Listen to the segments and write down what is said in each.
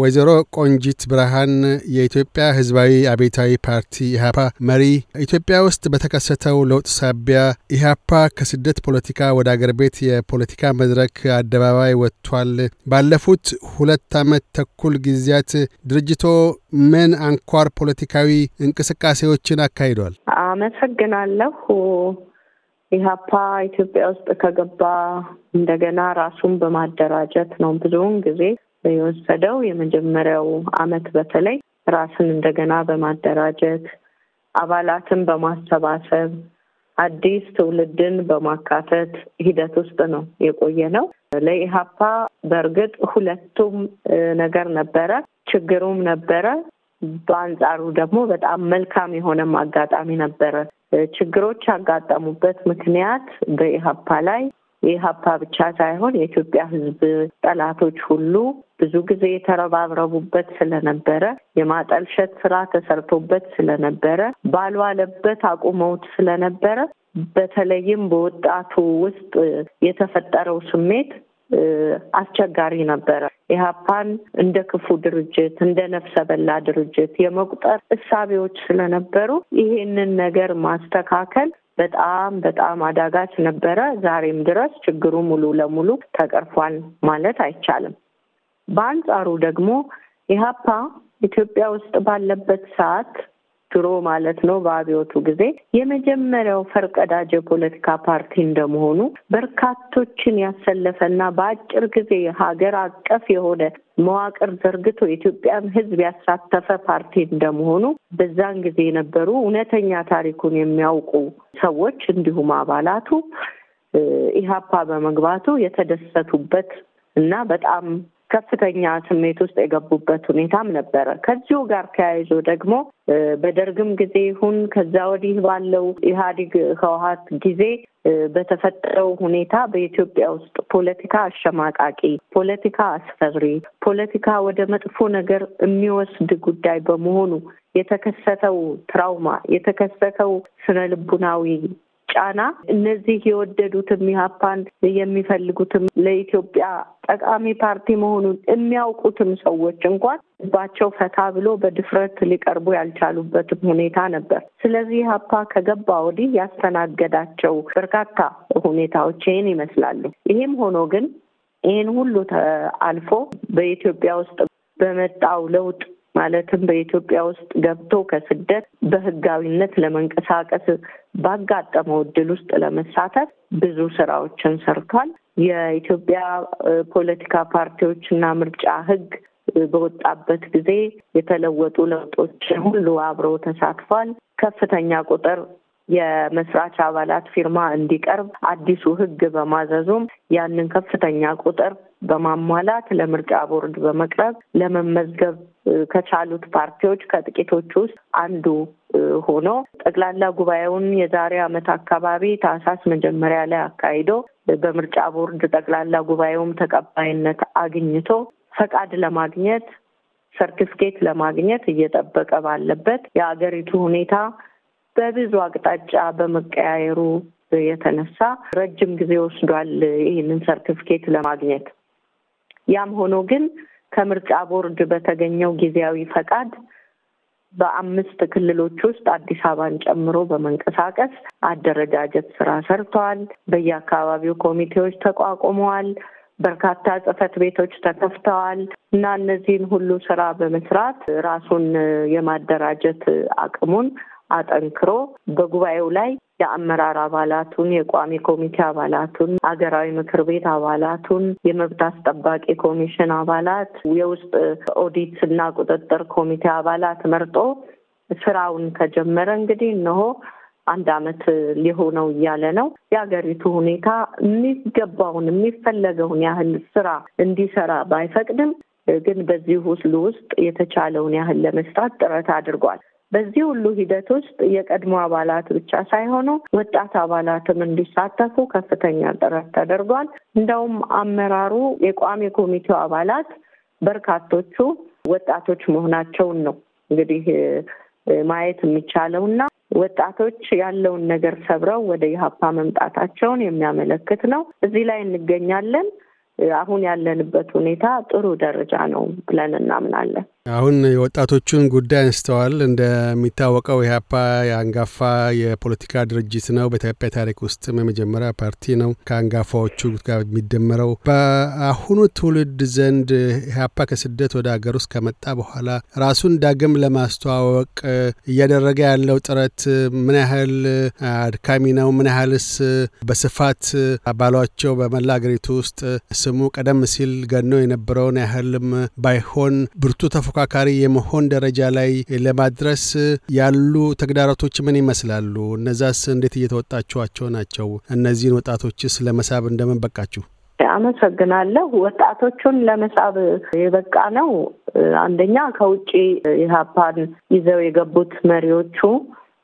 ወይዘሮ ቆንጂት ብርሃን የኢትዮጵያ ህዝባዊ አቤታዊ ፓርቲ ኢህአፓ መሪ፣ ኢትዮጵያ ውስጥ በተከሰተው ለውጥ ሳቢያ ኢህአፓ ከስደት ፖለቲካ ወደ አገር ቤት የፖለቲካ መድረክ አደባባይ ወጥቷል። ባለፉት ሁለት ዓመት ተኩል ጊዜያት ድርጅቶ ምን አንኳር ፖለቲካዊ እንቅስቃሴዎችን አካሂዷል? አመሰግናለሁ። ኢህአፓ ኢትዮጵያ ውስጥ ከገባ እንደገና ራሱን በማደራጀት ነው ብዙውን ጊዜ የወሰደው የመጀመሪያው አመት በተለይ ራስን እንደገና በማደራጀት አባላትን በማሰባሰብ አዲስ ትውልድን በማካተት ሂደት ውስጥ ነው የቆየ ነው። ለኢህአፓ በእርግጥ ሁለቱም ነገር ነበረ፣ ችግሩም ነበረ። በአንጻሩ ደግሞ በጣም መልካም የሆነም አጋጣሚ ነበረ። ችግሮች ያጋጠሙበት ምክንያት በኢህአፓ ላይ የኢህአፓ ብቻ ሳይሆን የኢትዮጵያ ሕዝብ ጠላቶች ሁሉ ብዙ ጊዜ የተረባረቡበት ስለነበረ የማጠልሸት ስራ ተሰርቶበት ስለነበረ ባልዋለበት አቁመውት ስለነበረ በተለይም በወጣቱ ውስጥ የተፈጠረው ስሜት አስቸጋሪ ነበረ። ኢህአፓን እንደ ክፉ ድርጅት እንደ ነፍሰ በላ ድርጅት የመቁጠር እሳቤዎች ስለነበሩ ይሄንን ነገር ማስተካከል በጣም በጣም አዳጋች ነበረ። ዛሬም ድረስ ችግሩ ሙሉ ለሙሉ ተቀርፏል ማለት አይቻልም። በአንጻሩ ደግሞ ኢህአፓ ኢትዮጵያ ውስጥ ባለበት ሰዓት ድሮ ማለት ነው በአብዮቱ ጊዜ የመጀመሪያው ፈርቀዳጅ የፖለቲካ ፓርቲ እንደመሆኑ በርካቶችን ያሰለፈና በአጭር ጊዜ ሀገር አቀፍ የሆነ መዋቅር ዘርግቶ የኢትዮጵያን ሕዝብ ያሳተፈ ፓርቲ እንደመሆኑ በዛን ጊዜ የነበሩ እውነተኛ ታሪኩን የሚያውቁ ሰዎች እንዲሁም አባላቱ ኢህአፓ በመግባቱ የተደሰቱበት እና በጣም ከፍተኛ ስሜት ውስጥ የገቡበት ሁኔታም ነበረ። ከዚሁ ጋር ተያይዞ ደግሞ በደርግም ጊዜ ይሁን ከዛ ወዲህ ባለው ኢህአዴግ ህወሀት ጊዜ በተፈጠረው ሁኔታ በኢትዮጵያ ውስጥ ፖለቲካ አሸማቃቂ፣ ፖለቲካ አስፈሪ፣ ፖለቲካ ወደ መጥፎ ነገር የሚወስድ ጉዳይ በመሆኑ የተከሰተው ትራውማ የተከሰተው ስነ ልቡናዊ ጫና እነዚህ የወደዱትም ኢህአፓን የሚፈልጉትም ለኢትዮጵያ ጠቃሚ ፓርቲ መሆኑን የሚያውቁትም ሰዎች እንኳን ባቸው ፈታ ብሎ በድፍረት ሊቀርቡ ያልቻሉበትም ሁኔታ ነበር። ስለዚህ ኢህአፓ ከገባ ወዲህ ያስተናገዳቸው በርካታ ሁኔታዎች ይህን ይመስላሉ። ይህም ሆኖ ግን ይህን ሁሉ አልፎ በኢትዮጵያ ውስጥ በመጣው ለውጥ ማለትም በኢትዮጵያ ውስጥ ገብቶ ከስደት በህጋዊነት ለመንቀሳቀስ ባጋጠመው እድል ውስጥ ለመሳተፍ ብዙ ስራዎችን ሰርቷል። የኢትዮጵያ ፖለቲካ ፓርቲዎችና ምርጫ ህግ በወጣበት ጊዜ የተለወጡ ለውጦችን ሁሉ አብሮ ተሳትፏል። ከፍተኛ ቁጥር የመስራች አባላት ፊርማ እንዲቀርብ አዲሱ ህግ በማዘዙም ያንን ከፍተኛ ቁጥር በማሟላት ለምርጫ ቦርድ በመቅረብ ለመመዝገብ ከቻሉት ፓርቲዎች ከጥቂቶች ውስጥ አንዱ ሆኖ ጠቅላላ ጉባኤውን የዛሬ ዓመት አካባቢ ታህሳስ መጀመሪያ ላይ አካሂዶ በምርጫ ቦርድ ጠቅላላ ጉባኤውም ተቀባይነት አግኝቶ ፈቃድ ለማግኘት ሰርቲፊኬት ለማግኘት እየጠበቀ ባለበት የሀገሪቱ ሁኔታ በብዙ አቅጣጫ በመቀያየሩ የተነሳ ረጅም ጊዜ ወስዷል ይህንን ሰርቲፊኬት ለማግኘት። ያም ሆኖ ግን ከምርጫ ቦርድ በተገኘው ጊዜያዊ ፈቃድ በአምስት ክልሎች ውስጥ አዲስ አበባን ጨምሮ በመንቀሳቀስ አደረጃጀት ስራ ሰርተዋል። በየአካባቢው ኮሚቴዎች ተቋቁመዋል። በርካታ ጽህፈት ቤቶች ተከፍተዋል እና እነዚህን ሁሉ ስራ በመስራት ራሱን የማደራጀት አቅሙን አጠንክሮ በጉባኤው ላይ የአመራር አባላቱን፣ የቋሚ ኮሚቴ አባላቱን፣ አገራዊ ምክር ቤት አባላቱን፣ የመብት አስጠባቂ ኮሚሽን አባላት፣ የውስጥ ኦዲት እና ቁጥጥር ኮሚቴ አባላት መርጦ ስራውን ከጀመረ እንግዲህ እነሆ አንድ አመት ሊሆነው እያለ ነው። የሀገሪቱ ሁኔታ የሚገባውን የሚፈለገውን ያህል ስራ እንዲሰራ ባይፈቅድም ግን በዚህ ሁሉ ውስጥ የተቻለውን ያህል ለመስራት ጥረት አድርጓል። በዚህ ሁሉ ሂደት ውስጥ የቀድሞ አባላት ብቻ ሳይሆኑ ወጣት አባላትም እንዲሳተፉ ከፍተኛ ጥረት ተደርጓል። እንደውም አመራሩ የቋሚ ኮሚቴው አባላት በርካቶቹ ወጣቶች መሆናቸውን ነው እንግዲህ ማየት የሚቻለው እና ወጣቶች ያለውን ነገር ሰብረው ወደ ኢህአፓ መምጣታቸውን የሚያመለክት ነው። እዚህ ላይ እንገኛለን። አሁን ያለንበት ሁኔታ ጥሩ ደረጃ ነው ብለን እናምናለን። አሁን የወጣቶቹን ጉዳይ አንስተዋል። እንደሚታወቀው ኢህአፓ የአንጋፋ የፖለቲካ ድርጅት ነው። በኢትዮጵያ ታሪክ ውስጥም የመጀመሪያ ፓርቲ ነው፣ ከአንጋፋዎቹ ጋር የሚደመረው። በአሁኑ ትውልድ ዘንድ ኢህአፓ ከስደት ወደ ሀገር ውስጥ ከመጣ በኋላ ራሱን ዳግም ለማስተዋወቅ እያደረገ ያለው ጥረት ምን ያህል አድካሚ ነው? ምን ያህልስ በስፋት ባሏቸው በመላ ሀገሪቱ ውስጥ ስሙ ቀደም ሲል ገኖ የነበረውን ያህልም ባይሆን ብርቱ ተፎ ተፎካካሪ የመሆን ደረጃ ላይ ለማድረስ ያሉ ተግዳሮቶች ምን ይመስላሉ? እነዛስ እንዴት እየተወጣችኋቸው ናቸው? እነዚህን ወጣቶችስ ለመሳብ እንደምን በቃችሁ? አመሰግናለሁ። ወጣቶቹን ለመሳብ የበቃ ነው። አንደኛ ከውጭ ኢህአፓን ይዘው የገቡት መሪዎቹ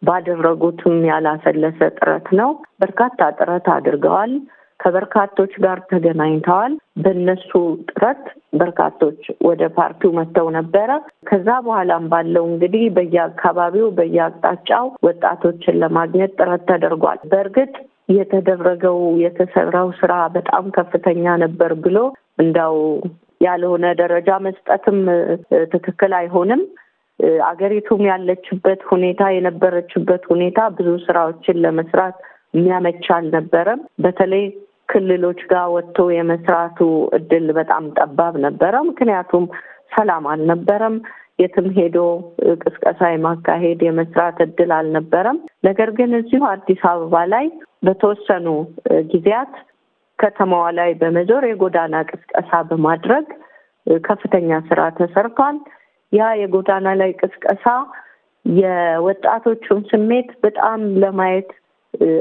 ባደረጉትም ያላሰለሰ ጥረት ነው። በርካታ ጥረት አድርገዋል። ከበርካቶች ጋር ተገናኝተዋል። በእነሱ ጥረት በርካቶች ወደ ፓርቲው መጥተው ነበረ። ከዛ በኋላም ባለው እንግዲህ በየአካባቢው በየአቅጣጫው ወጣቶችን ለማግኘት ጥረት ተደርጓል። በእርግጥ የተደረገው የተሰራው ስራ በጣም ከፍተኛ ነበር ብሎ እንዳው ያልሆነ ደረጃ መስጠትም ትክክል አይሆንም። አገሪቱም ያለችበት ሁኔታ የነበረችበት ሁኔታ ብዙ ስራዎችን ለመስራት የሚያመች አልነበረም። በተለይ ክልሎች ጋር ወጥቶ የመስራቱ እድል በጣም ጠባብ ነበረ። ምክንያቱም ሰላም አልነበረም። የትም ሄዶ ቅስቀሳ የማካሄድ የመስራት እድል አልነበረም። ነገር ግን እዚሁ አዲስ አበባ ላይ በተወሰኑ ጊዜያት ከተማዋ ላይ በመዞር የጎዳና ቅስቀሳ በማድረግ ከፍተኛ ስራ ተሰርቷል። ያ የጎዳና ላይ ቅስቀሳ የወጣቶቹን ስሜት በጣም ለማየት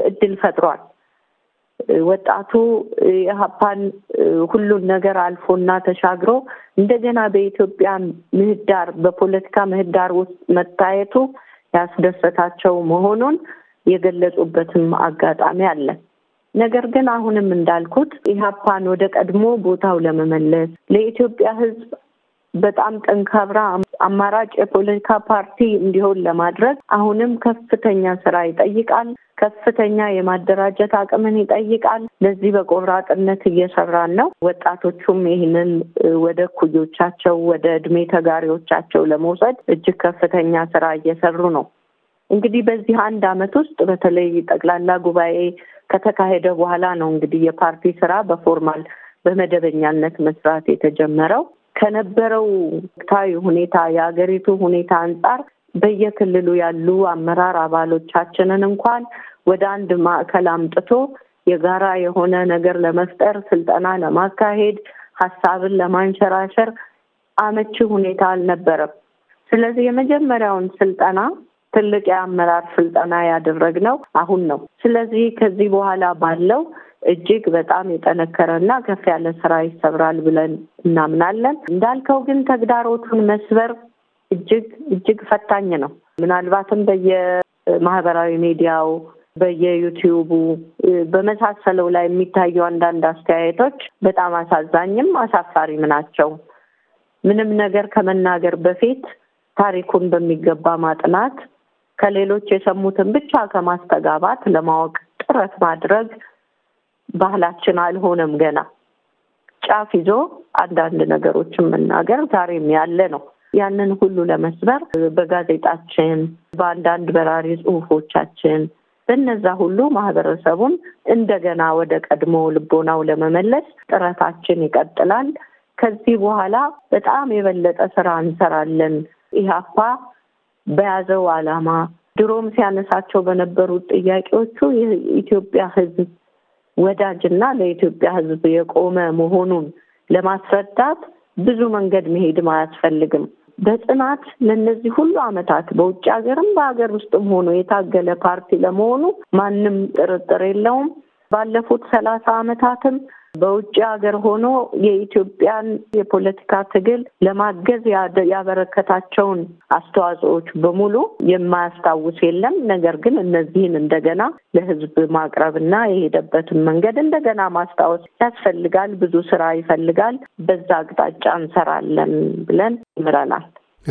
እድል ፈጥሯል። ወጣቱ የሀፓን ሁሉን ነገር አልፎና ተሻግሮ እንደገና በኢትዮጵያ ምህዳር በፖለቲካ ምህዳር ውስጥ መታየቱ ያስደሰታቸው መሆኑን የገለጹበትም አጋጣሚ አለ። ነገር ግን አሁንም እንዳልኩት ኢህአፓን ወደ ቀድሞ ቦታው ለመመለስ ለኢትዮጵያ ሕዝብ በጣም ጠንካራ አማራጭ የፖለቲካ ፓርቲ እንዲሆን ለማድረግ አሁንም ከፍተኛ ስራ ይጠይቃል። ከፍተኛ የማደራጀት አቅምን ይጠይቃል። ለዚህ በቆራጥነት እየሰራን ነው። ወጣቶቹም ይህንን ወደ እኩዮቻቸው ወደ እድሜ ተጋሪዎቻቸው ለመውሰድ እጅግ ከፍተኛ ስራ እየሰሩ ነው። እንግዲህ በዚህ አንድ አመት ውስጥ በተለይ ጠቅላላ ጉባኤ ከተካሄደ በኋላ ነው እንግዲህ የፓርቲ ስራ በፎርማል በመደበኛነት መስራት የተጀመረው። ከነበረው ወቅታዊ ሁኔታ የሀገሪቱ ሁኔታ አንጻር በየክልሉ ያሉ አመራር አባሎቻችንን እንኳን ወደ አንድ ማዕከል አምጥቶ የጋራ የሆነ ነገር ለመፍጠር ስልጠና ለማካሄድ ሀሳብን ለማንሸራሸር አመቺ ሁኔታ አልነበረም። ስለዚህ የመጀመሪያውን ስልጠና ትልቅ የአመራር ስልጠና ያደረግነው አሁን ነው። ስለዚህ ከዚህ በኋላ ባለው እጅግ በጣም የጠነከረ እና ከፍ ያለ ስራ ይሰብራል ብለን እናምናለን። እንዳልከው ግን ተግዳሮቱን መስበር እጅግ እጅግ ፈታኝ ነው። ምናልባትም በየማህበራዊ ሚዲያው በየዩቲዩቡ በመሳሰለው ላይ የሚታዩ አንዳንድ አስተያየቶች በጣም አሳዛኝም አሳፋሪም ናቸው። ምንም ነገር ከመናገር በፊት ታሪኩን በሚገባ ማጥናት፣ ከሌሎች የሰሙትን ብቻ ከማስተጋባት ለማወቅ ጥረት ማድረግ ባህላችን አልሆነም ገና ጫፍ ይዞ አንዳንድ ነገሮችን መናገር ዛሬም ያለ ነው። ያንን ሁሉ ለመስበር በጋዜጣችን፣ በአንዳንድ በራሪ ጽሁፎቻችን፣ በነዛ ሁሉ ማህበረሰቡን እንደገና ወደ ቀድሞ ልቦናው ለመመለስ ጥረታችን ይቀጥላል። ከዚህ በኋላ በጣም የበለጠ ስራ እንሰራለን። ኢህአፓ በያዘው አላማ ድሮም ሲያነሳቸው በነበሩት ጥያቄዎቹ የኢትዮጵያ ህዝብ ። ወዳጅና ለኢትዮጵያ ሕዝብ የቆመ መሆኑን ለማስረዳት ብዙ መንገድ መሄድም አያስፈልግም። በጽናት ለእነዚህ ሁሉ ዓመታት በውጭ ሀገርም በሀገር ውስጥም ሆኖ የታገለ ፓርቲ ለመሆኑ ማንም ጥርጥር የለውም። ባለፉት ሰላሳ ዓመታትም በውጭ ሀገር ሆኖ የኢትዮጵያን የፖለቲካ ትግል ለማገዝ ያበረከታቸውን አስተዋጽኦዎች በሙሉ የማያስታውስ የለም። ነገር ግን እነዚህን እንደገና ለሕዝብ ማቅረብና የሄደበትን መንገድ እንደገና ማስታወስ ያስፈልጋል። ብዙ ስራ ይፈልጋል። በዛ አቅጣጫ እንሰራለን ብለን ይምረናል።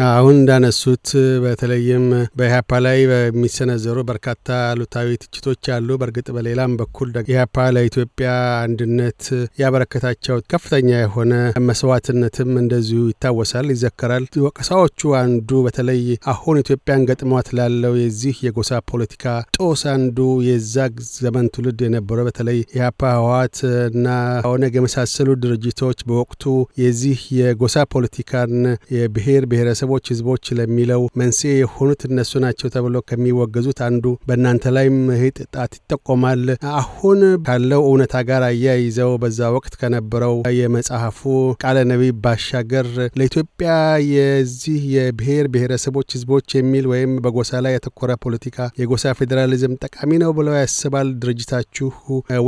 አሁን እንዳነሱት በተለይም በኢህአፓ ላይ በሚሰነዘሩ በርካታ አሉታዊ ትችቶች አሉ። በእርግጥ በሌላም በኩል ኢህአፓ ለኢትዮጵያ አንድነት ያበረከታቸው ከፍተኛ የሆነ መስዋዕትነትም እንደዚሁ ይታወሳል፣ ይዘከራል። ወቀሳዎቹ አንዱ በተለይ አሁን ኢትዮጵያን ገጥሟት ላለው የዚህ የጎሳ ፖለቲካ ጦስ አንዱ የዛ ዘመን ትውልድ የነበረው በተለይ ኢህአፓ፣ ህወሓት እና ኦነግ የመሳሰሉ ድርጅቶች በወቅቱ የዚህ የጎሳ ፖለቲካን የብሄር ብሄረሰ ግለሰቦች፣ ህዝቦች ለሚለው መንስኤ የሆኑት እነሱ ናቸው ተብሎ ከሚወገዙት አንዱ በእናንተ ላይም ህጥ ጣት ይጠቆማል። አሁን ካለው እውነታ ጋር አያይዘው በዛ ወቅት ከነበረው የመጽሐፉ ቃለ ነቢብ ባሻገር ለኢትዮጵያ የዚህ የብሔር ብሔረሰቦች ህዝቦች የሚል ወይም በጎሳ ላይ ያተኮረ ፖለቲካ የጎሳ ፌዴራሊዝም ጠቃሚ ነው ብለው ያስባል ድርጅታችሁ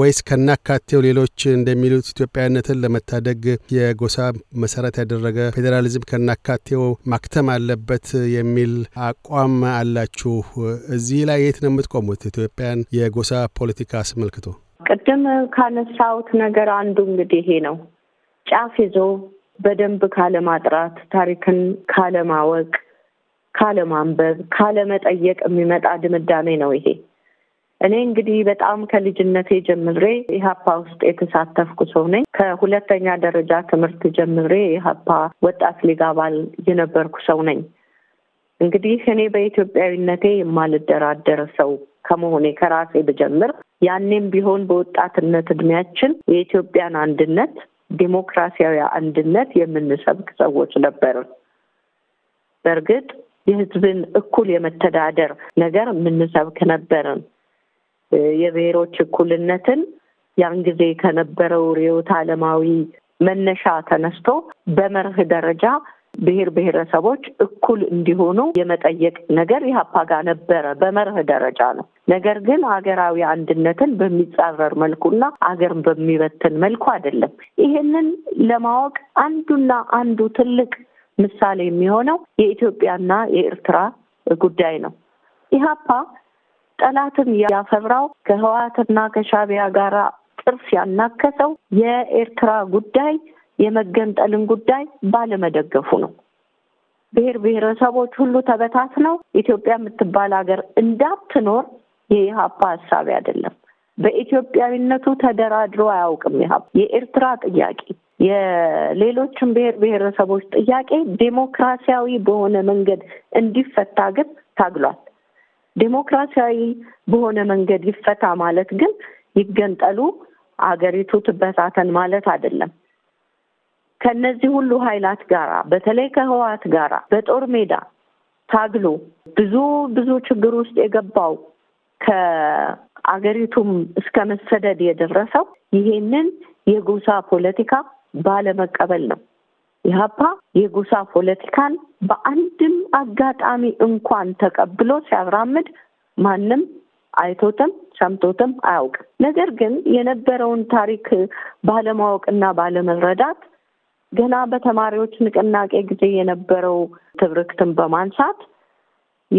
ወይስ ከናካቴው ሌሎች እንደሚሉት ኢትዮጵያዊነትን ለመታደግ የጎሳ መሰረት ያደረገ ፌዴራሊዝም ከናካቴው ማክተም አለበት የሚል አቋም አላችሁ። እዚህ ላይ የት ነው የምትቆሙት? ኢትዮጵያን የጎሳ ፖለቲካ አስመልክቶ ቅድም ካነሳሁት ነገር አንዱ እንግዲህ ይሄ ነው። ጫፍ ይዞ በደንብ ካለማጥራት፣ ታሪክን ካለማወቅ፣ ካለማንበብ፣ ካለመጠየቅ የሚመጣ ድምዳሜ ነው ይሄ እኔ እንግዲህ በጣም ከልጅነቴ ጀምሬ ኢህአፓ ውስጥ የተሳተፍኩ ሰው ነኝ። ከሁለተኛ ደረጃ ትምህርት ጀምሬ ኢህአፓ ወጣት ሊግ አባል የነበርኩ ሰው ነኝ። እንግዲህ እኔ በኢትዮጵያዊነቴ የማልደራደር ሰው ከመሆኔ ከራሴ ብጀምር ያኔም ቢሆን በወጣትነት እድሜያችን የኢትዮጵያን አንድነት፣ ዲሞክራሲያዊ አንድነት የምንሰብክ ሰዎች ነበርን። በእርግጥ የህዝብን እኩል የመተዳደር ነገር የምንሰብክ ነበርን። የብሔሮች እኩልነትን ያን ጊዜ ከነበረው ርዕዮተ ዓለማዊ መነሻ ተነስቶ በመርህ ደረጃ ብሔር ብሔረሰቦች እኩል እንዲሆኑ የመጠየቅ ነገር ኢህአፓ ጋር ነበረ። በመርህ ደረጃ ነው። ነገር ግን ሀገራዊ አንድነትን በሚጻረር መልኩና አገርን በሚበትን መልኩ አይደለም። ይሄንን ለማወቅ አንዱና አንዱ ትልቅ ምሳሌ የሚሆነው የኢትዮጵያና የኤርትራ ጉዳይ ነው። ኢህአፓ ጠላትን ያፈራው ከህወሓትና ከሻቢያ ጋር ጥርስ ያናከሰው የኤርትራ ጉዳይ የመገንጠልን ጉዳይ ባለመደገፉ ነው። ብሔር ብሔረሰቦች ሁሉ ተበታትነው ኢትዮጵያ የምትባል ሀገር እንዳትኖር የኢህአፓ ሀሳብ አይደለም። በኢትዮጵያዊነቱ ተደራድሮ አያውቅም። ይሀ የኤርትራ ጥያቄ፣ የሌሎችም ብሔር ብሔረሰቦች ጥያቄ ዴሞክራሲያዊ በሆነ መንገድ እንዲፈታ ግን ታግሏል። ዴሞክራሲያዊ በሆነ መንገድ ይፈታ ማለት ግን ይገንጠሉ አገሪቱ ትበታተን ማለት አይደለም። ከነዚህ ሁሉ ኃይላት ጋራ በተለይ ከህወሓት ጋራ በጦር ሜዳ ታግሎ ብዙ ብዙ ችግር ውስጥ የገባው ከአገሪቱም እስከ መሰደድ የደረሰው ይሄንን የጎሳ ፖለቲካ ባለመቀበል ነው። ኢህአፓ የጎሳ ፖለቲካን በአንድም አጋጣሚ እንኳን ተቀብሎ ሲያራምድ ማንም አይቶትም ሰምቶትም አያውቅም። ነገር ግን የነበረውን ታሪክ ባለማወቅና ባለመረዳት ገና በተማሪዎች ንቅናቄ ጊዜ የነበረው ትብርክትን በማንሳት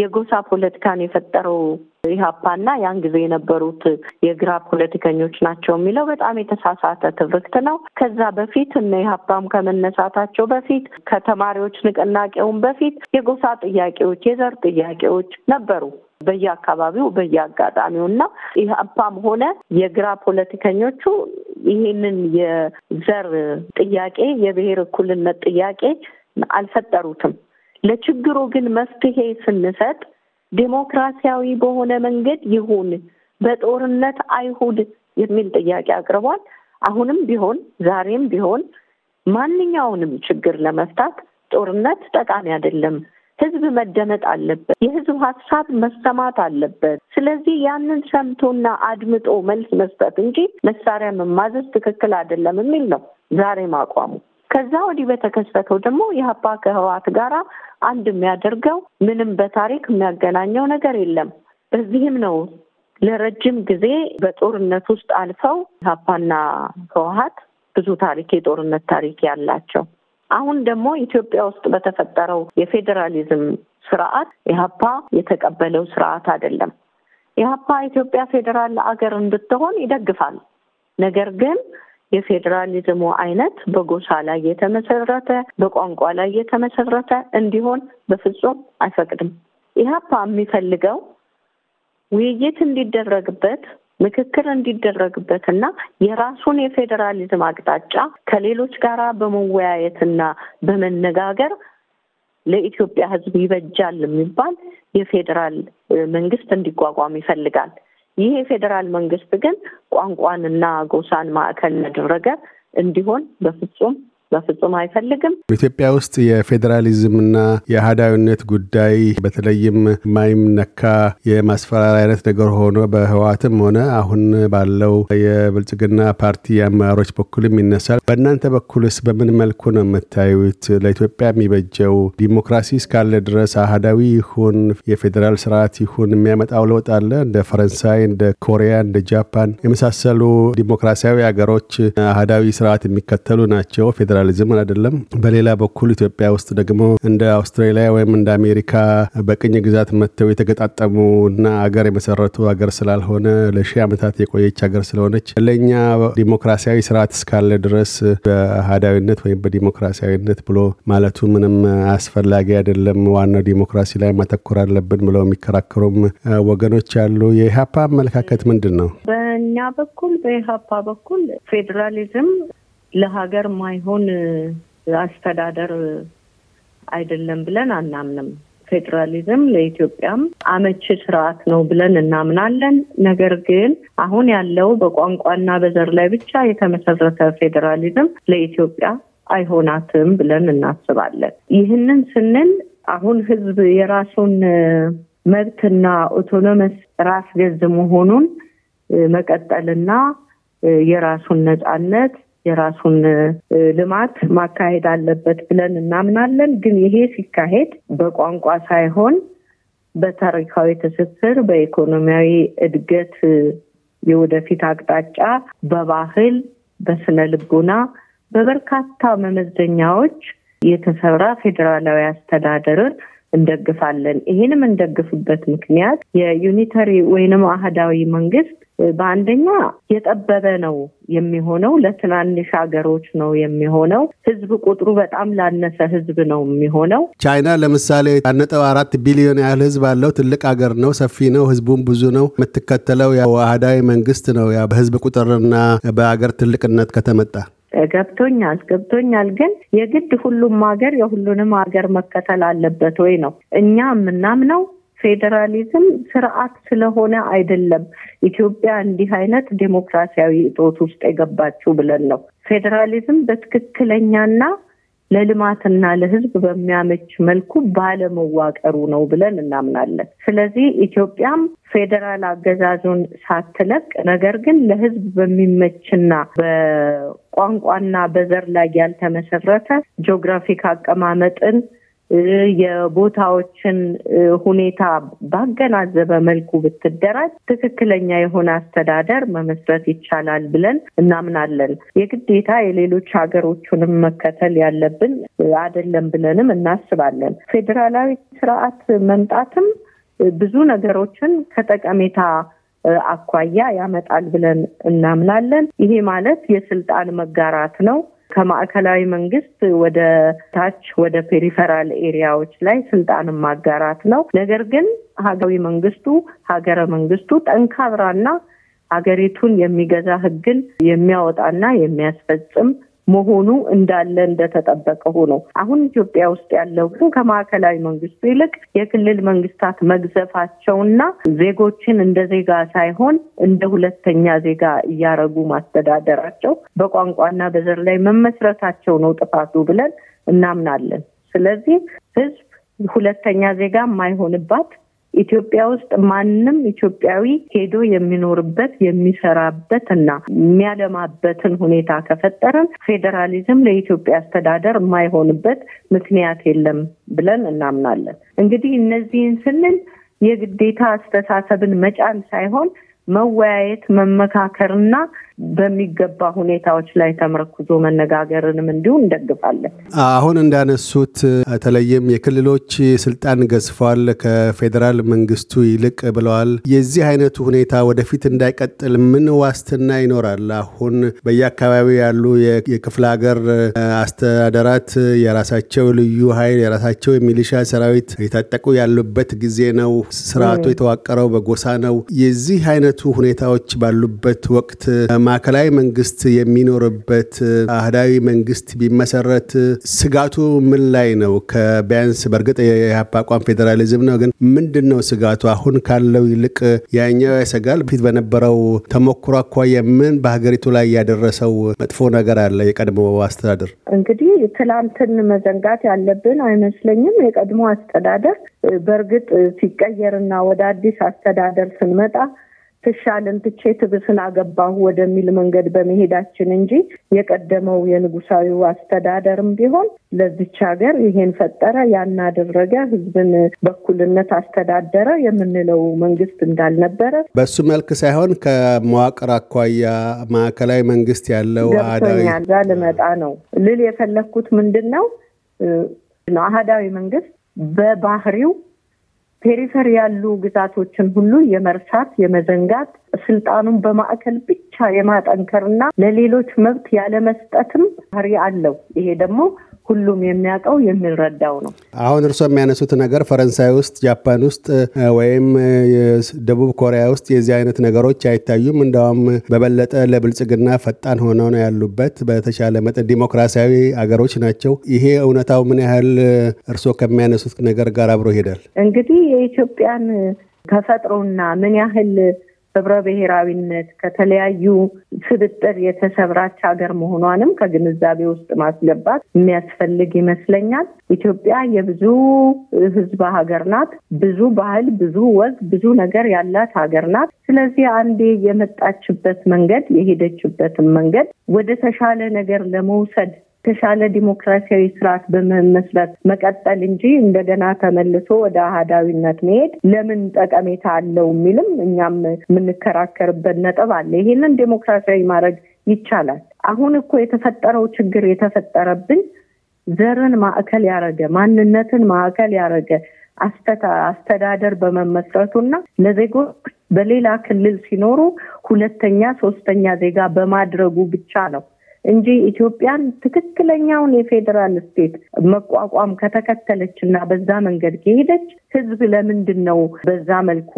የጎሳ ፖለቲካን የፈጠረው ኢህአፓና ያን ጊዜ የነበሩት የግራ ፖለቲከኞች ናቸው የሚለው በጣም የተሳሳተ ትርክት ነው። ከዛ በፊት እነ ኢህአፓም ከመነሳታቸው በፊት ከተማሪዎች ንቅናቄውን በፊት የጎሳ ጥያቄዎች፣ የዘር ጥያቄዎች ነበሩ በየአካባቢው በየአጋጣሚው እና ኢህአፓም ሆነ የግራ ፖለቲከኞቹ ይህንን የዘር ጥያቄ የብሔር እኩልነት ጥያቄ አልፈጠሩትም። ለችግሩ ግን መፍትሄ ስንሰጥ ዴሞክራሲያዊ በሆነ መንገድ ይሁን፣ በጦርነት አይሁድ የሚል ጥያቄ አቅርቧል። አሁንም ቢሆን ዛሬም ቢሆን ማንኛውንም ችግር ለመፍታት ጦርነት ጠቃሚ አይደለም። ህዝብ መደመጥ አለበት። የህዝብ ሀሳብ መሰማት አለበት። ስለዚህ ያንን ሰምቶና አድምጦ መልስ መስጠት እንጂ መሳሪያ መማዘዝ ትክክል አይደለም የሚል ነው ዛሬም አቋሙ። ከዛ ወዲህ በተከሰተው ደግሞ የሀፓ ከህወሓት ጋራ አንድ የሚያደርገው ምንም በታሪክ የሚያገናኘው ነገር የለም። በዚህም ነው ለረጅም ጊዜ በጦርነት ውስጥ አልፈው ሀፓና ህወሀት ብዙ ታሪክ የጦርነት ታሪክ ያላቸው አሁን ደግሞ ኢትዮጵያ ውስጥ በተፈጠረው የፌዴራሊዝም ስርዓት ኢህአፓ የተቀበለው ስርዓት አይደለም። ኢህአፓ ኢትዮጵያ ፌዴራል አገር እንድትሆን ይደግፋል። ነገር ግን የፌዴራሊዝሙ አይነት በጎሳ ላይ የተመሰረተ በቋንቋ ላይ የተመሰረተ እንዲሆን በፍጹም አይፈቅድም። ኢህአፓ የሚፈልገው ውይይት እንዲደረግበት ምክክር እንዲደረግበት እና የራሱን የፌዴራሊዝም አቅጣጫ ከሌሎች ጋራ በመወያየትና በመነጋገር ለኢትዮጵያ ሕዝብ ይበጃል የሚባል የፌዴራል መንግስት እንዲቋቋም ይፈልጋል። ይህ የፌዴራል መንግስት ግን ቋንቋንና ጎሳን ማዕከል ያደረገ እንዲሆን በፍጹም በፍጹም አይፈልግም። በኢትዮጵያ ውስጥ የፌዴራሊዝምና የአህዳዊነት ጉዳይ በተለይም ማይምነካ የማስፈራሪያ አይነት ነገር ሆኖ በህወሓትም ሆነ አሁን ባለው የብልጽግና ፓርቲ አመራሮች በኩልም ይነሳል። በእናንተ በኩልስ በምን መልኩ ነው የምታዩት? ለኢትዮጵያ የሚበጀው ዲሞክራሲ እስካለ ድረስ አህዳዊ ይሁን የፌዴራል ስርዓት ይሁን የሚያመጣው ለውጥ አለ? እንደ ፈረንሳይ፣ እንደ ኮሪያ፣ እንደ ጃፓን የመሳሰሉ ዲሞክራሲያዊ ሀገሮች አህዳዊ ስርዓት የሚከተሉ ናቸው ፌዴራል ፌዴራሊዝምን አይደለም። በሌላ በኩል ኢትዮጵያ ውስጥ ደግሞ እንደ አውስትራሊያ ወይም እንደ አሜሪካ በቅኝ ግዛት መጥተው የተገጣጠሙ እና አገር የመሰረቱ አገር ስላልሆነ ለሺህ ዓመታት የቆየች አገር ስለሆነች ለእኛ ዲሞክራሲያዊ ስርዓት እስካለ ድረስ በአህዳዊነት ወይም በዲሞክራሲያዊነት ብሎ ማለቱ ምንም አስፈላጊ አይደለም፣ ዋናው ዲሞክራሲ ላይ ማተኮር አለብን ብለው የሚከራከሩም ወገኖች አሉ። የኢህአፓ አመለካከት ምንድን ነው? በእኛ በኩል በኢህአፓ በኩል ፌዴራሊዝም ለሀገር ማይሆን አስተዳደር አይደለም ብለን አናምንም። ፌዴራሊዝም ለኢትዮጵያም አመቺ ስርዓት ነው ብለን እናምናለን። ነገር ግን አሁን ያለው በቋንቋና በዘር ላይ ብቻ የተመሰረተ ፌዴራሊዝም ለኢትዮጵያ አይሆናትም ብለን እናስባለን። ይህንን ስንል አሁን ህዝብ የራሱን መብትና ኦቶኖመስ ራስ ገዝ መሆኑን መቀጠልና የራሱን ነጻነት የራሱን ልማት ማካሄድ አለበት ብለን እናምናለን። ግን ይሄ ሲካሄድ በቋንቋ ሳይሆን በታሪካዊ ትስስር፣ በኢኮኖሚያዊ እድገት የወደፊት አቅጣጫ፣ በባህል፣ በስነ ልቡና፣ በበርካታ መመዘኛዎች የተሰራ ፌዴራላዊ አስተዳደርን እንደግፋለን። ይህንም እንደግፍበት ምክንያት የዩኒተሪ ወይንም አህዳዊ መንግስት በአንደኛ የጠበበ ነው የሚሆነው። ለትናንሽ ሀገሮች ነው የሚሆነው። ህዝብ ቁጥሩ በጣም ላነሰ ህዝብ ነው የሚሆነው። ቻይና ለምሳሌ ነጥብ አራት ቢሊዮን ያህል ህዝብ አለው። ትልቅ ሀገር ነው፣ ሰፊ ነው፣ ህዝቡም ብዙ ነው። የምትከተለው ዋህዳዊ መንግስት ነው በህዝብ ቁጥርና በሀገር ትልቅነት ከተመጣ ገብቶኛል ገብቶኛል። ግን የግድ ሁሉም ሀገር የሁሉንም ሀገር መከተል አለበት ወይ ነው እኛ የምናምነው። ፌዴራሊዝም ስርዓት ስለሆነ አይደለም ኢትዮጵያ እንዲህ አይነት ዴሞክራሲያዊ እጦት ውስጥ የገባችው ብለን ነው። ፌዴራሊዝም በትክክለኛና ለልማትና ለሕዝብ በሚያመች መልኩ ባለመዋቀሩ ነው ብለን እናምናለን። ስለዚህ ኢትዮጵያም ፌዴራል አገዛዙን ሳትለቅ ነገር ግን ለሕዝብ በሚመችና በቋንቋና በዘር ላይ ያልተመሰረተ ጂኦግራፊክ አቀማመጥን የቦታዎችን ሁኔታ ባገናዘበ መልኩ ብትደራጅ ትክክለኛ የሆነ አስተዳደር መመስረት ይቻላል ብለን እናምናለን። የግዴታ የሌሎች ሀገሮቹንም መከተል ያለብን አይደለም ብለንም እናስባለን። ፌዴራላዊ ስርዓት መምጣትም ብዙ ነገሮችን ከጠቀሜታ አኳያ ያመጣል ብለን እናምናለን። ይሄ ማለት የስልጣን መጋራት ነው። ከማዕከላዊ መንግስት ወደ ታች ወደ ፔሪፈራል ኤሪያዎች ላይ ስልጣንን ማጋራት ነው። ነገር ግን ሀገራዊ መንግስቱ ሀገረ መንግስቱ ጠንካራና ሀገሪቱን የሚገዛ ህግን የሚያወጣና የሚያስፈጽም መሆኑ እንዳለ እንደተጠበቀ ሆኖ አሁን ኢትዮጵያ ውስጥ ያለው ግን ከማዕከላዊ መንግስቱ ይልቅ የክልል መንግስታት መግዘፋቸውና ዜጎችን እንደ ዜጋ ሳይሆን እንደ ሁለተኛ ዜጋ እያረጉ ማስተዳደራቸው በቋንቋና በዘር ላይ መመስረታቸው ነው ጥፋቱ ብለን እናምናለን። ስለዚህ ህዝብ ሁለተኛ ዜጋ የማይሆንባት ኢትዮጵያ ውስጥ ማንም ኢትዮጵያዊ ሄዶ የሚኖርበት የሚሰራበት እና የሚያለማበትን ሁኔታ ከፈጠረን ፌዴራሊዝም ለኢትዮጵያ አስተዳደር የማይሆንበት ምክንያት የለም ብለን እናምናለን። እንግዲህ እነዚህን ስንል የግዴታ አስተሳሰብን መጫን ሳይሆን መወያየት፣ መመካከርና በሚገባ ሁኔታዎች ላይ ተመርኩዞ መነጋገርንም እንዲሁ እንደግፋለን። አሁን እንዳነሱት በተለይም የክልሎች ስልጣን ገዝፏል ከፌዴራል መንግስቱ ይልቅ ብለዋል። የዚህ አይነቱ ሁኔታ ወደፊት እንዳይቀጥል ምን ዋስትና ይኖራል? አሁን በየአካባቢው ያሉ የክፍለ ሀገር አስተዳደራት የራሳቸው ልዩ ኃይል የራሳቸው የሚሊሻ ሰራዊት የታጠቁ ያሉበት ጊዜ ነው። ስርዓቱ የተዋቀረው በጎሳ ነው። የዚህ አይነቱ አይነቱ ሁኔታዎች ባሉበት ወቅት ማዕከላዊ መንግስት የሚኖርበት አህዳዊ መንግስት ቢመሰረት ስጋቱ ምን ላይ ነው? ከቢያንስ በእርግጥ የኢህአፓ አቋም ፌዴራሊዝም ነው፣ ግን ምንድን ነው ስጋቱ? አሁን ካለው ይልቅ ያኛው ያሰጋል። በፊት በነበረው ተሞክሮ አኳያ ምን በሀገሪቱ ላይ ያደረሰው መጥፎ ነገር አለ? የቀድሞ አስተዳደር እንግዲህ ትላንትን መዘንጋት ያለብን አይመስለኝም። የቀድሞ አስተዳደር በእርግጥ ሲቀየርና ወደ አዲስ አስተዳደር ስንመጣ ትሻልን ትቼ ትብስን አገባሁ ወደሚል መንገድ በመሄዳችን እንጂ የቀደመው የንጉሳዊው አስተዳደርም ቢሆን ለዚች ሀገር ይሄን ፈጠረ ያን አደረገ ህዝብን በኩልነት አስተዳደረ የምንለው መንግስት እንዳልነበረ በሱ መልክ ሳይሆን ከመዋቅር አኳያ ማዕከላዊ መንግስት ያለው አዳዊ ልመጣ ነው ልል የፈለግኩት ምንድን ነው አህዳዊ መንግስት በባህሪው ፔሪፈር ያሉ ግዛቶችን ሁሉ የመርሳት የመዘንጋት ስልጣኑን በማዕከል ብቻ የማጠንከርና ለሌሎች መብት ያለመስጠትም ባህሪ አለው። ይሄ ደግሞ ሁሉም የሚያውቀው የሚረዳው ነው። አሁን እርሶ የሚያነሱት ነገር ፈረንሳይ ውስጥ፣ ጃፓን ውስጥ ወይም ደቡብ ኮሪያ ውስጥ የዚህ አይነት ነገሮች አይታዩም። እንደውም በበለጠ ለብልጽግና ፈጣን ሆነው ነው ያሉበት። በተሻለ መጠን ዲሞክራሲያዊ አገሮች ናቸው። ይሄ እውነታው ምን ያህል እርሶ ከሚያነሱት ነገር ጋር አብሮ ይሄዳል? እንግዲህ የኢትዮጵያን ተፈጥሮና ምን ያህል ህብረ ብሔራዊነት ከተለያዩ ስብጥር የተሰብራች ሀገር መሆኗንም ከግንዛቤ ውስጥ ማስገባት የሚያስፈልግ ይመስለኛል። ኢትዮጵያ የብዙ ህዝብ ሀገር ናት። ብዙ ባህል፣ ብዙ ወግ፣ ብዙ ነገር ያላት ሀገር ናት። ስለዚህ አንዴ የመጣችበት መንገድ የሄደችበትን መንገድ ወደ ተሻለ ነገር ለመውሰድ የተሻለ ዲሞክራሲያዊ ስርዓት በመመስረት መቀጠል እንጂ እንደገና ተመልሶ ወደ አህዳዊነት መሄድ ለምን ጠቀሜታ አለው የሚልም እኛም የምንከራከርበት ነጥብ አለ። ይሄንን ዲሞክራሲያዊ ማድረግ ይቻላል። አሁን እኮ የተፈጠረው ችግር የተፈጠረብን ዘርን ማዕከል ያደረገ ማንነትን ማዕከል ያደረገ አስተዳደር በመመስረቱና ለዜጎች በሌላ ክልል ሲኖሩ ሁለተኛ ሶስተኛ ዜጋ በማድረጉ ብቻ ነው። እንጂ ኢትዮጵያን ትክክለኛውን የፌዴራል ስቴት መቋቋም ከተከተለች እና በዛ መንገድ ከሄደች ህዝብ ለምንድን ነው በዛ መልኩ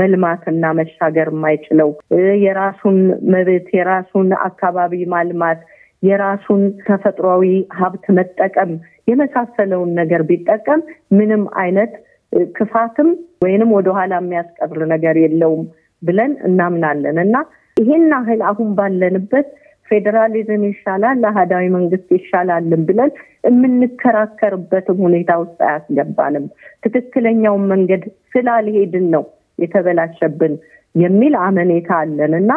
መልማትና መሻገር የማይችለው? የራሱን መብት የራሱን አካባቢ ማልማት የራሱን ተፈጥሯዊ ሀብት መጠቀም የመሳሰለውን ነገር ቢጠቀም ምንም አይነት ክፋትም ወይንም ወደኋላ የሚያስቀር ነገር የለውም ብለን እናምናለን እና ይሄን ያህል አሁን ባለንበት ፌዴራሊዝም ይሻላል፣ አህዳዊ መንግስት ይሻላልን ብለን የምንከራከርበትም ሁኔታ ውስጥ አያስገባንም። ትክክለኛውን መንገድ ስላልሄድን ነው የተበላሸብን የሚል አመኔታ አለን እና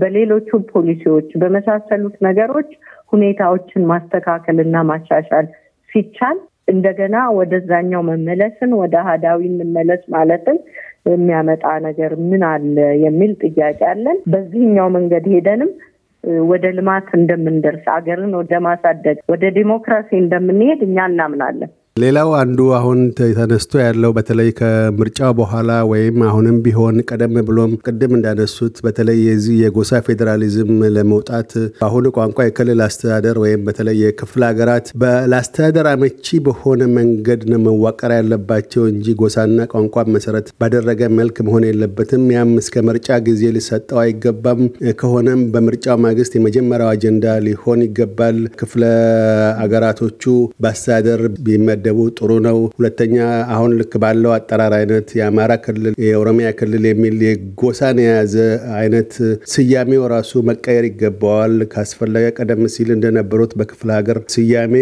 በሌሎቹ ፖሊሲዎች በመሳሰሉት ነገሮች ሁኔታዎችን ማስተካከል እና ማሻሻል ሲቻል እንደገና ወደዛኛው መመለስን ወደ አህዳዊ እንመለስ ማለትን የሚያመጣ ነገር ምን አለ የሚል ጥያቄ አለን። በዚህኛው መንገድ ሄደንም ወደ ልማት እንደምንደርስ አገርን ወደ ማሳደግ ወደ ዲሞክራሲ እንደምንሄድ እኛ እናምናለን። ሌላው አንዱ አሁን ተነስቶ ያለው በተለይ ከምርጫው በኋላ ወይም አሁንም ቢሆን ቀደም ብሎም ቅድም እንዳነሱት በተለይ የዚህ የጎሳ ፌዴራሊዝም ለመውጣት በአሁኑ ቋንቋ የክልል አስተዳደር ወይም በተለይ የክፍለ ሀገራት ለአስተዳደር አመቺ በሆነ መንገድ ነው መዋቀር ያለባቸው እንጂ ጎሳና ቋንቋ መሰረት ባደረገ መልክ መሆን የለበትም። ያም እስከ ምርጫ ጊዜ ሊሰጠው አይገባም። ከሆነም በምርጫው ማግስት የመጀመሪያው አጀንዳ ሊሆን ይገባል። ክፍለ አገራቶቹ በአስተዳደር ቢመደ መመደቡ ጥሩ ነው። ሁለተኛ አሁን ልክ ባለው አጠራር አይነት የአማራ ክልል፣ የኦሮሚያ ክልል የሚል የጎሳን የያዘ አይነት ስያሜው ራሱ መቀየር ይገባዋል። ካስፈለገ ቀደም ሲል እንደነበሩት በክፍለ ሀገር ስያሜ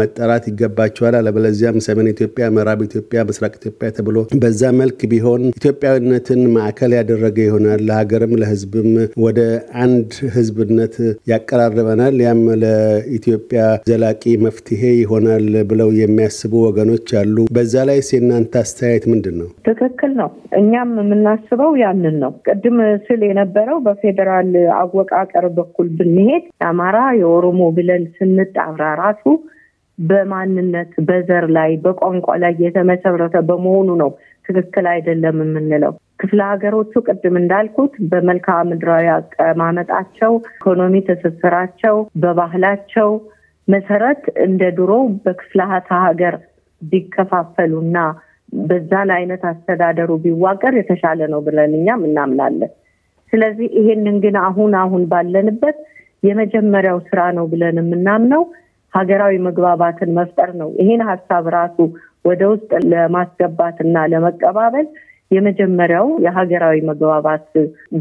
መጠራት ይገባቸዋል። አለበለዚያም ሰሜን ኢትዮጵያ፣ ምዕራብ ኢትዮጵያ፣ ምስራቅ ኢትዮጵያ ተብሎ በዛ መልክ ቢሆን ኢትዮጵያዊነትን ማዕከል ያደረገ ይሆናል። ለሀገርም ለህዝብም ወደ አንድ ህዝብነት ያቀራርበናል። ያም ለኢትዮጵያ ዘላቂ መፍትሄ ይሆናል ብለው የሚያስብ የሚያስቡ ወገኖች አሉ። በዛ ላይ የእናንተ አስተያየት ምንድን ነው? ትክክል ነው። እኛም የምናስበው ያንን ነው። ቅድም ስል የነበረው በፌዴራል አወቃቀር በኩል ብንሄድ የአማራ የኦሮሞ ብለን ስንጣራ ራሱ በማንነት በዘር ላይ በቋንቋ ላይ የተመሰረተ በመሆኑ ነው ትክክል አይደለም የምንለው። ክፍለ ሀገሮቹ ቅድም እንዳልኩት በመልክዓ ምድራዊ አቀማመጣቸው፣ ኢኮኖሚ ትስስራቸው፣ በባህላቸው መሰረት እንደ ድሮ በክፍላተ ሀገር ቢከፋፈሉ እና በዛ ለአይነት አስተዳደሩ ቢዋቀር የተሻለ ነው ብለን እኛም እናምናለን። ስለዚህ ይሄንን ግን አሁን አሁን ባለንበት የመጀመሪያው ስራ ነው ብለን የምናምነው ሀገራዊ መግባባትን መፍጠር ነው። ይሄን ሀሳብ ራሱ ወደ ውስጥ ለማስገባት እና ለመቀባበል የመጀመሪያው የሀገራዊ መግባባት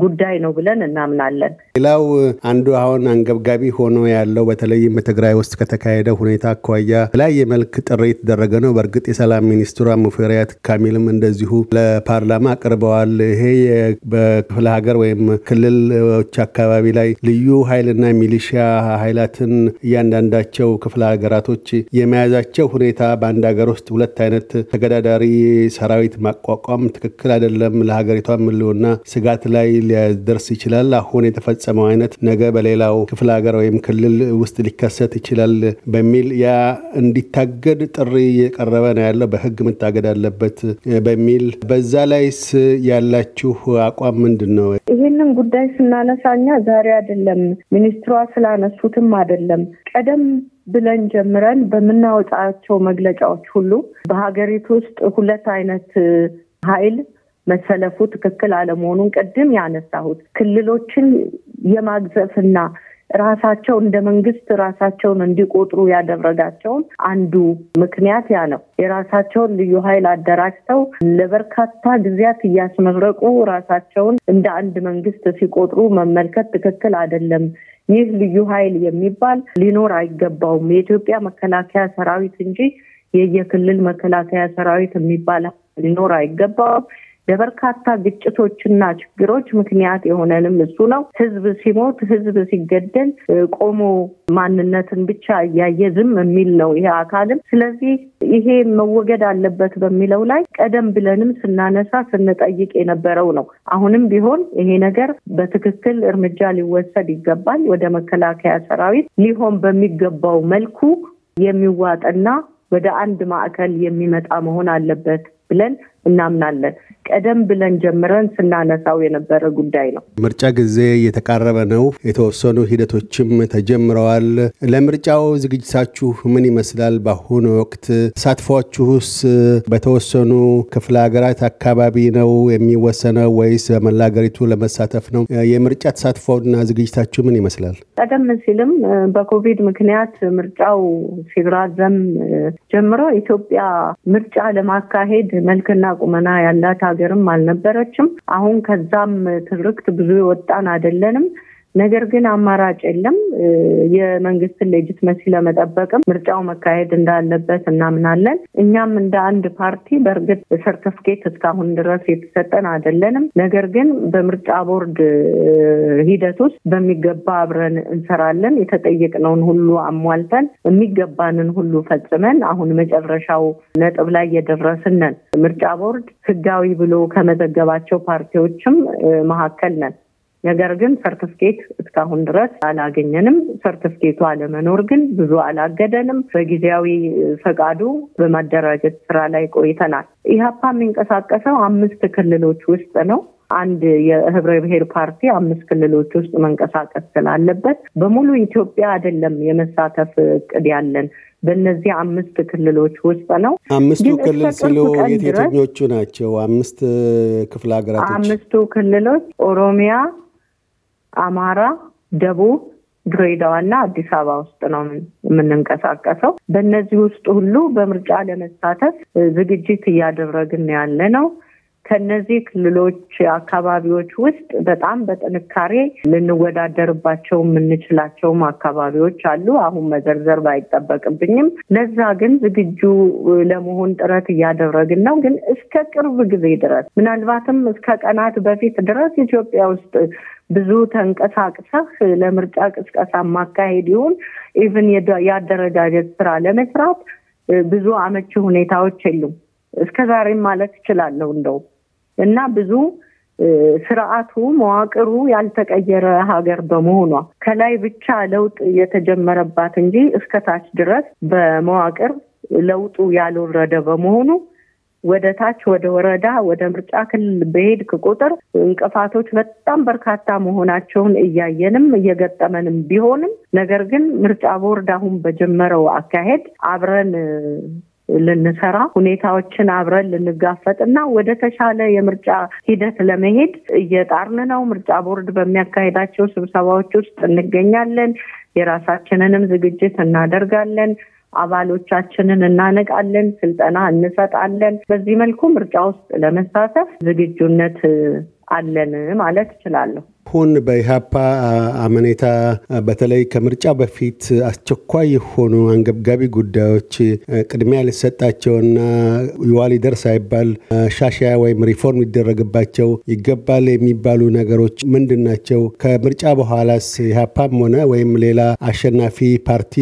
ጉዳይ ነው ብለን እናምናለን። ሌላው አንዱ አሁን አንገብጋቢ ሆኖ ያለው በተለይም በትግራይ ውስጥ ከተካሄደ ሁኔታ አኳያ በተለያየ መልክ ጥሪ የተደረገ ነው። በእርግጥ የሰላም ሚኒስትሯ ሙፈሪያት ካሚልም እንደዚሁ ለፓርላማ አቅርበዋል። ይሄ በክፍለ ሀገር ወይም ክልሎች አካባቢ ላይ ልዩ ኃይልና ሚሊሽያ ኃይላትን እያንዳንዳቸው ክፍለ ሀገራቶች የመያዛቸው ሁኔታ በአንድ ሀገር ውስጥ ሁለት አይነት ተገዳዳሪ ሰራዊት ማቋቋም ትክክል ትክክል አይደለም፣ ለሀገሪቷ ምልውና ስጋት ላይ ሊያደርስ ይችላል። አሁን የተፈጸመው አይነት ነገ በሌላው ክፍለ ሀገር ወይም ክልል ውስጥ ሊከሰት ይችላል በሚል ያ እንዲታገድ ጥሪ እየቀረበ ነው ያለው። በህግ መታገድ አለበት በሚል በዛ ላይስ ያላችሁ አቋም ምንድን ነው? ይህንን ጉዳይ ስናነሳ እኛ ዛሬ አይደለም ሚኒስትሯ ስላነሱትም አይደለም ቀደም ብለን ጀምረን በምናወጣቸው መግለጫዎች ሁሉ በሀገሪቱ ውስጥ ሁለት አይነት ኃይል መሰለፉ ትክክል አለመሆኑን ቅድም ያነሳሁት ክልሎችን የማግዘፍና ራሳቸው እንደ መንግስት ራሳቸውን እንዲቆጥሩ ያደረጋቸውን አንዱ ምክንያት ያ ነው። የራሳቸውን ልዩ ኃይል አደራጅተው ለበርካታ ጊዜያት እያስመረቁ ራሳቸውን እንደ አንድ መንግስት ሲቆጥሩ መመልከት ትክክል አይደለም። ይህ ልዩ ኃይል የሚባል ሊኖር አይገባውም። የኢትዮጵያ መከላከያ ሰራዊት እንጂ የየክልል መከላከያ ሰራዊት የሚባል ሊኖር አይገባውም። ለበርካታ ግጭቶችና ችግሮች ምክንያት የሆነንም እሱ ነው። ህዝብ ሲሞት፣ ህዝብ ሲገደል ቆሞ ማንነትን ብቻ እያየ ዝም የሚል ነው ይሄ አካልም። ስለዚህ ይሄ መወገድ አለበት በሚለው ላይ ቀደም ብለንም ስናነሳ ስንጠይቅ የነበረው ነው። አሁንም ቢሆን ይሄ ነገር በትክክል እርምጃ ሊወሰድ ይገባል። ወደ መከላከያ ሰራዊት ሊሆን በሚገባው መልኩ የሚዋጥና ወደ አንድ ማዕከል የሚመጣ መሆን አለበት ብለን እናምናለን። ቀደም ብለን ጀምረን ስናነሳው የነበረ ጉዳይ ነው። ምርጫ ጊዜ እየተቃረበ ነው። የተወሰኑ ሂደቶችም ተጀምረዋል። ለምርጫው ዝግጅታችሁ ምን ይመስላል? በአሁኑ ወቅት ተሳትፏችሁስ በተወሰኑ ክፍለ ሀገራት አካባቢ ነው የሚወሰነው ወይስ በመላ ሀገሪቱ ለመሳተፍ ነው? የምርጫ ተሳትፎና ዝግጅታችሁ ምን ይመስላል? ቀደም ሲልም በኮቪድ ምክንያት ምርጫው ሲራዘም ጀምሮ ኢትዮጵያ ምርጫ ለማካሄድ መልክና ቁመና ያላት ሀገርም አልነበረችም። አሁን ከዛም ትርክት ብዙ የወጣን አይደለንም። ነገር ግን አማራጭ የለም። የመንግስትን ሌጅትመሲ ለመጠበቅም ምርጫው መካሄድ እንዳለበት እናምናለን። እኛም እንደ አንድ ፓርቲ በእርግጥ ሰርተፍኬት እስካሁን ድረስ የተሰጠን አይደለንም። ነገር ግን በምርጫ ቦርድ ሂደት ውስጥ በሚገባ አብረን እንሰራለን። የተጠየቅነውን ሁሉ አሟልተን የሚገባንን ሁሉ ፈጽመን አሁን መጨረሻው ነጥብ ላይ የደረስን ነን። ምርጫ ቦርድ ህጋዊ ብሎ ከመዘገባቸው ፓርቲዎችም መካከል ነን። ነገር ግን ሰርቲፊኬት እስካሁን ድረስ አላገኘንም። ሰርቲፊኬቱ አለመኖር ግን ብዙ አላገደንም። በጊዜያዊ ፈቃዱ በማደራጀት ስራ ላይ ቆይተናል። ኢህአፓ የሚንቀሳቀሰው አምስት ክልሎች ውስጥ ነው። አንድ የህብረ ብሔር ፓርቲ አምስት ክልሎች ውስጥ መንቀሳቀስ ስላለበት በሙሉ ኢትዮጵያ አይደለም የመሳተፍ እቅድ ያለን በእነዚህ አምስት ክልሎች ውስጥ ነው። አምስቱ ክልል ሲሉ የትኞቹ ናቸው? አምስት ክፍለ ሀገራቶች አምስቱ ክልሎች ኦሮሚያ፣ አማራ፣ ደቡብ፣ ድሬዳዋና አዲስ አበባ ውስጥ ነው የምንንቀሳቀሰው። በእነዚህ ውስጥ ሁሉ በምርጫ ለመሳተፍ ዝግጅት እያደረግን ያለ ነው። ከነዚህ ክልሎች አካባቢዎች ውስጥ በጣም በጥንካሬ ልንወዳደርባቸው የምንችላቸውም አካባቢዎች አሉ። አሁን መዘርዘር ባይጠበቅብኝም፣ ለዛ ግን ዝግጁ ለመሆን ጥረት እያደረግን ነው። ግን እስከ ቅርብ ጊዜ ድረስ ምናልባትም እስከ ቀናት በፊት ድረስ ኢትዮጵያ ውስጥ ብዙ ተንቀሳቅሰህ ለምርጫ ቅስቀሳ ማካሄድ ይሁን ኢቭን የአደረጃጀት ስራ ለመስራት ብዙ አመቺ ሁኔታዎች የሉም። እስከ ዛሬም ማለት እችላለሁ እንደው እና ብዙ ስርዓቱ መዋቅሩ ያልተቀየረ ሀገር በመሆኗ ከላይ ብቻ ለውጥ የተጀመረባት እንጂ እስከታች ድረስ በመዋቅር ለውጡ ያልወረደ በመሆኑ ወደ ታች ወደ ወረዳ ወደ ምርጫ ክልል በሄድክ ቁጥር እንቅፋቶች በጣም በርካታ መሆናቸውን እያየንም እየገጠመንም ቢሆንም ነገር ግን ምርጫ ቦርድ አሁን በጀመረው አካሄድ አብረን ልንሰራ ሁኔታዎችን አብረን ልንጋፈጥና ወደ ተሻለ የምርጫ ሂደት ለመሄድ እየጣርን ነው። ምርጫ ቦርድ በሚያካሄዳቸው ስብሰባዎች ውስጥ እንገኛለን። የራሳችንንም ዝግጅት እናደርጋለን። አባሎቻችንን እናነቃለን፣ ስልጠና እንሰጣለን። በዚህ መልኩ ምርጫ ውስጥ ለመሳተፍ ዝግጁነት አለን ማለት እችላለሁ። አሁን በኢህአፓ አመኔታ በተለይ ከምርጫ በፊት አስቸኳይ የሆኑ አንገብጋቢ ጉዳዮች ቅድሚያ ሊሰጣቸውና ይዋ ሊደርስ አይባል ሻሻያ ወይም ሪፎርም ሊደረግባቸው ይገባል የሚባሉ ነገሮች ምንድን ናቸው? ከምርጫ በኋላስ ኢህአፓም ሆነ ወይም ሌላ አሸናፊ ፓርቲ